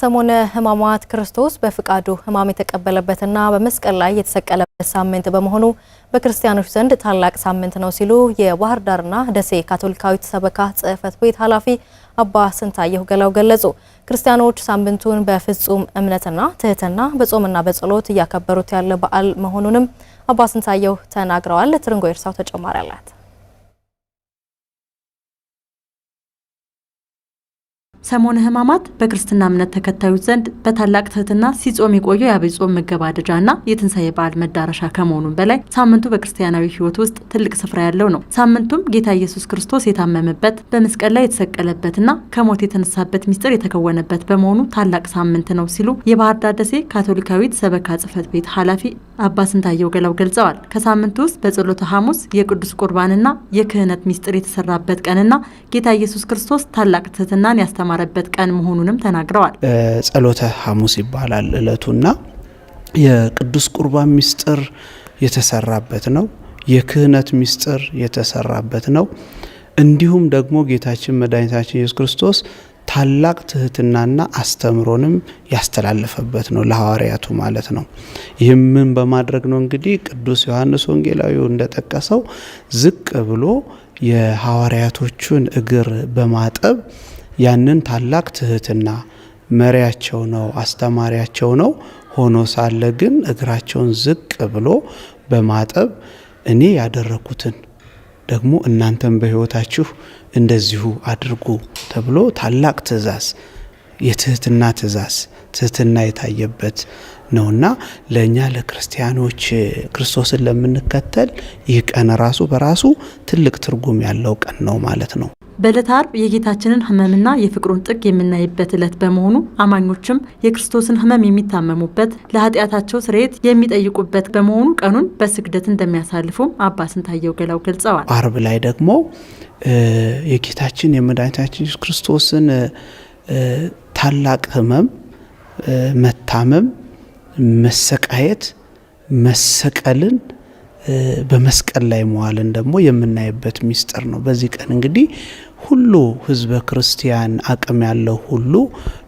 ሰሞነ ሕማማት ክርስቶስ በፍቃዱ ሕማም የተቀበለበትና በመስቀል ላይ የተሰቀለበት ሳምንት በመሆኑ በክርስቲያኖች ዘንድ ታላቅ ሳምንት ነው ሲሉ የባህር ዳርና ደሴ ካቶሊካዊት ሰበካ ጽሕፈት ቤት ኃላፊ አባ ስንታየሁ ገላው ገለጹ። ክርስቲያኖች ሳምንቱን በፍጹም እምነትና ትህትና በጾምና በጸሎት እያከበሩት ያለ በዓል መሆኑንም አባ ስንታየሁ ተናግረዋል። ትርንጎ ኤርሳው ተጨማሪ አላት። ሰሞነ ሕማማት በክርስትና እምነት ተከታዮች ዘንድ በታላቅ ትህትና ሲጾም የቆየው የአብይ ጾም መገባደጃና የትንሣኤ በዓል መዳረሻ ከመሆኑም በላይ ሳምንቱ በክርስቲያናዊ ሕይወት ውስጥ ትልቅ ስፍራ ያለው ነው። ሳምንቱም ጌታ ኢየሱስ ክርስቶስ የታመመበት በመስቀል ላይ የተሰቀለበትና ከሞት የተነሳበት ምስጢር የተከወነበት በመሆኑ ታላቅ ሳምንት ነው ሲሉ የባህር ዳር ደሴ ካቶሊካዊት ሰበካ ጽሕፈት ቤት ኃላፊ አባ ስንታየው ገላው ገልጸዋል። ከሳምንት ውስጥ በጸሎተ ሐሙስ የቅዱስ ቁርባንና የክህነት ምስጢር የተሰራበት ቀንና ጌታ ኢየሱስ ክርስቶስ ታላቅ ትህትናን ያስተማረበት ቀን መሆኑንም ተናግረዋል። ጸሎተ ሐሙስ ይባላል እለቱና የቅዱስ ቁርባን ምስጢር የተሰራበት ነው። የክህነት ምስጢር የተሰራበት ነው። እንዲሁም ደግሞ ጌታችን መድኃኒታችን ኢየሱስ ክርስቶስ ታላቅ ትህትናና አስተምሮንም ያስተላለፈበት ነው ለሐዋርያቱ ማለት ነው። ይህም ምን በማድረግ ነው እንግዲህ ቅዱስ ዮሐንስ ወንጌላዊ እንደጠቀሰው ዝቅ ብሎ የሐዋርያቶቹን እግር በማጠብ ያንን ታላቅ ትህትና መሪያቸው ነው አስተማሪያቸው ነው ሆኖ ሳለ ግን እግራቸውን ዝቅ ብሎ በማጠብ እኔ ያደረኩትን ደግሞ እናንተም በህይወታችሁ እንደዚሁ አድርጉ ተብሎ ታላቅ ትእዛዝ፣ የትህትና ትእዛዝ ትህትና የታየበት ነውና ለእኛ ለክርስቲያኖች ክርስቶስን ለምንከተል ይህ ቀን ራሱ በራሱ ትልቅ ትርጉም ያለው ቀን ነው ማለት ነው። በዕለተ ዓርብ የጌታችንን ህመምና የፍቅሩን ጥግ የምናይበት ዕለት በመሆኑ አማኞችም የክርስቶስን ህመም የሚታመሙበት ለኃጢአታቸው ስርየት የሚጠይቁበት በመሆኑ ቀኑን በስግደት እንደሚያሳልፉም አባ ስንታየው ገላው ገልጸዋል። ዓርብ ላይ ደግሞ የጌታችን የመድኃኒታችን ኢየሱስ ክርስቶስን ታላቅ ህመም መታመም፣ መሰቃየት፣ መሰቀልን በመስቀል ላይ መዋልን ደግሞ የምናይበት ሚስጥር ነው። በዚህ ቀን እንግዲህ ሁሉ ህዝበ ክርስቲያን አቅም ያለው ሁሉ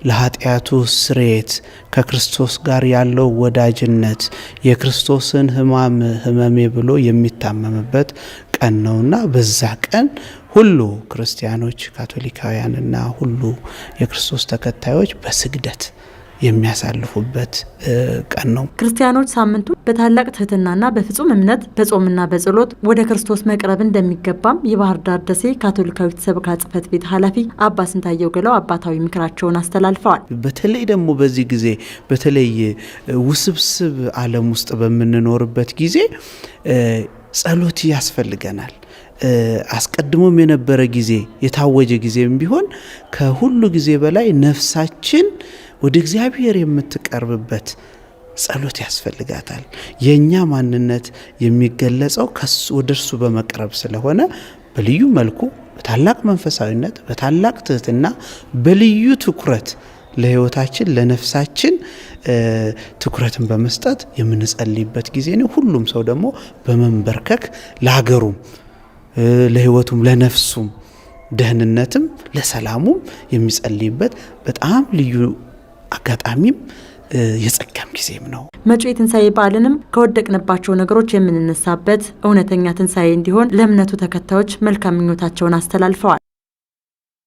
ለኃጢአቱ ስሬት ከክርስቶስ ጋር ያለው ወዳጅነት የክርስቶስን ህማም ህመሜ ብሎ የሚታመምበት ቀን ነውና በዛ ቀን ሁሉ ክርስቲያኖች ካቶሊካውያንና ሁሉ የክርስቶስ ተከታዮች በስግደት የሚያሳልፉበት ቀን ነው። ክርስቲያኖች ሳምንቱ በታላቅ ትህትናና በፍጹም እምነት በጾምና በጸሎት ወደ ክርስቶስ መቅረብ እንደሚገባም የባህር ዳር ደሴ ካቶሊካዊት ሰበካ ጽሕፈት ቤት ኃላፊ አባ ስንታየው ገለው አባታዊ ምክራቸውን አስተላልፈዋል። በተለይ ደግሞ በዚህ ጊዜ በተለይ ውስብስብ ዓለም ውስጥ በምንኖርበት ጊዜ ጸሎት ያስፈልገናል። አስቀድሞም የነበረ ጊዜ የታወጀ ጊዜም ቢሆን ከሁሉ ጊዜ በላይ ነፍሳችን ወደ እግዚአብሔር የምትቀርብበት ጸሎት ያስፈልጋታል። የእኛ ማንነት የሚገለጸው ወደ እርሱ በመቅረብ ስለሆነ በልዩ መልኩ በታላቅ መንፈሳዊነት፣ በታላቅ ትህትና፣ በልዩ ትኩረት ለህይወታችን ለነፍሳችን ትኩረትን በመስጠት የምንጸልይበት ጊዜ ነው። ሁሉም ሰው ደግሞ በመንበርከክ ለሀገሩም ለህይወቱም ለነፍሱም ደህንነትም ለሰላሙም የሚጸልይበት በጣም ልዩ አጋጣሚም የጸጋም ጊዜም ነው። መጪው የትንሣኤ በዓልንም ከወደቅንባቸው ነገሮች የምንነሳበት እውነተኛ ትንሣኤ እንዲሆን ለእምነቱ ተከታዮች መልካም ምኞታቸውን አስተላልፈዋል።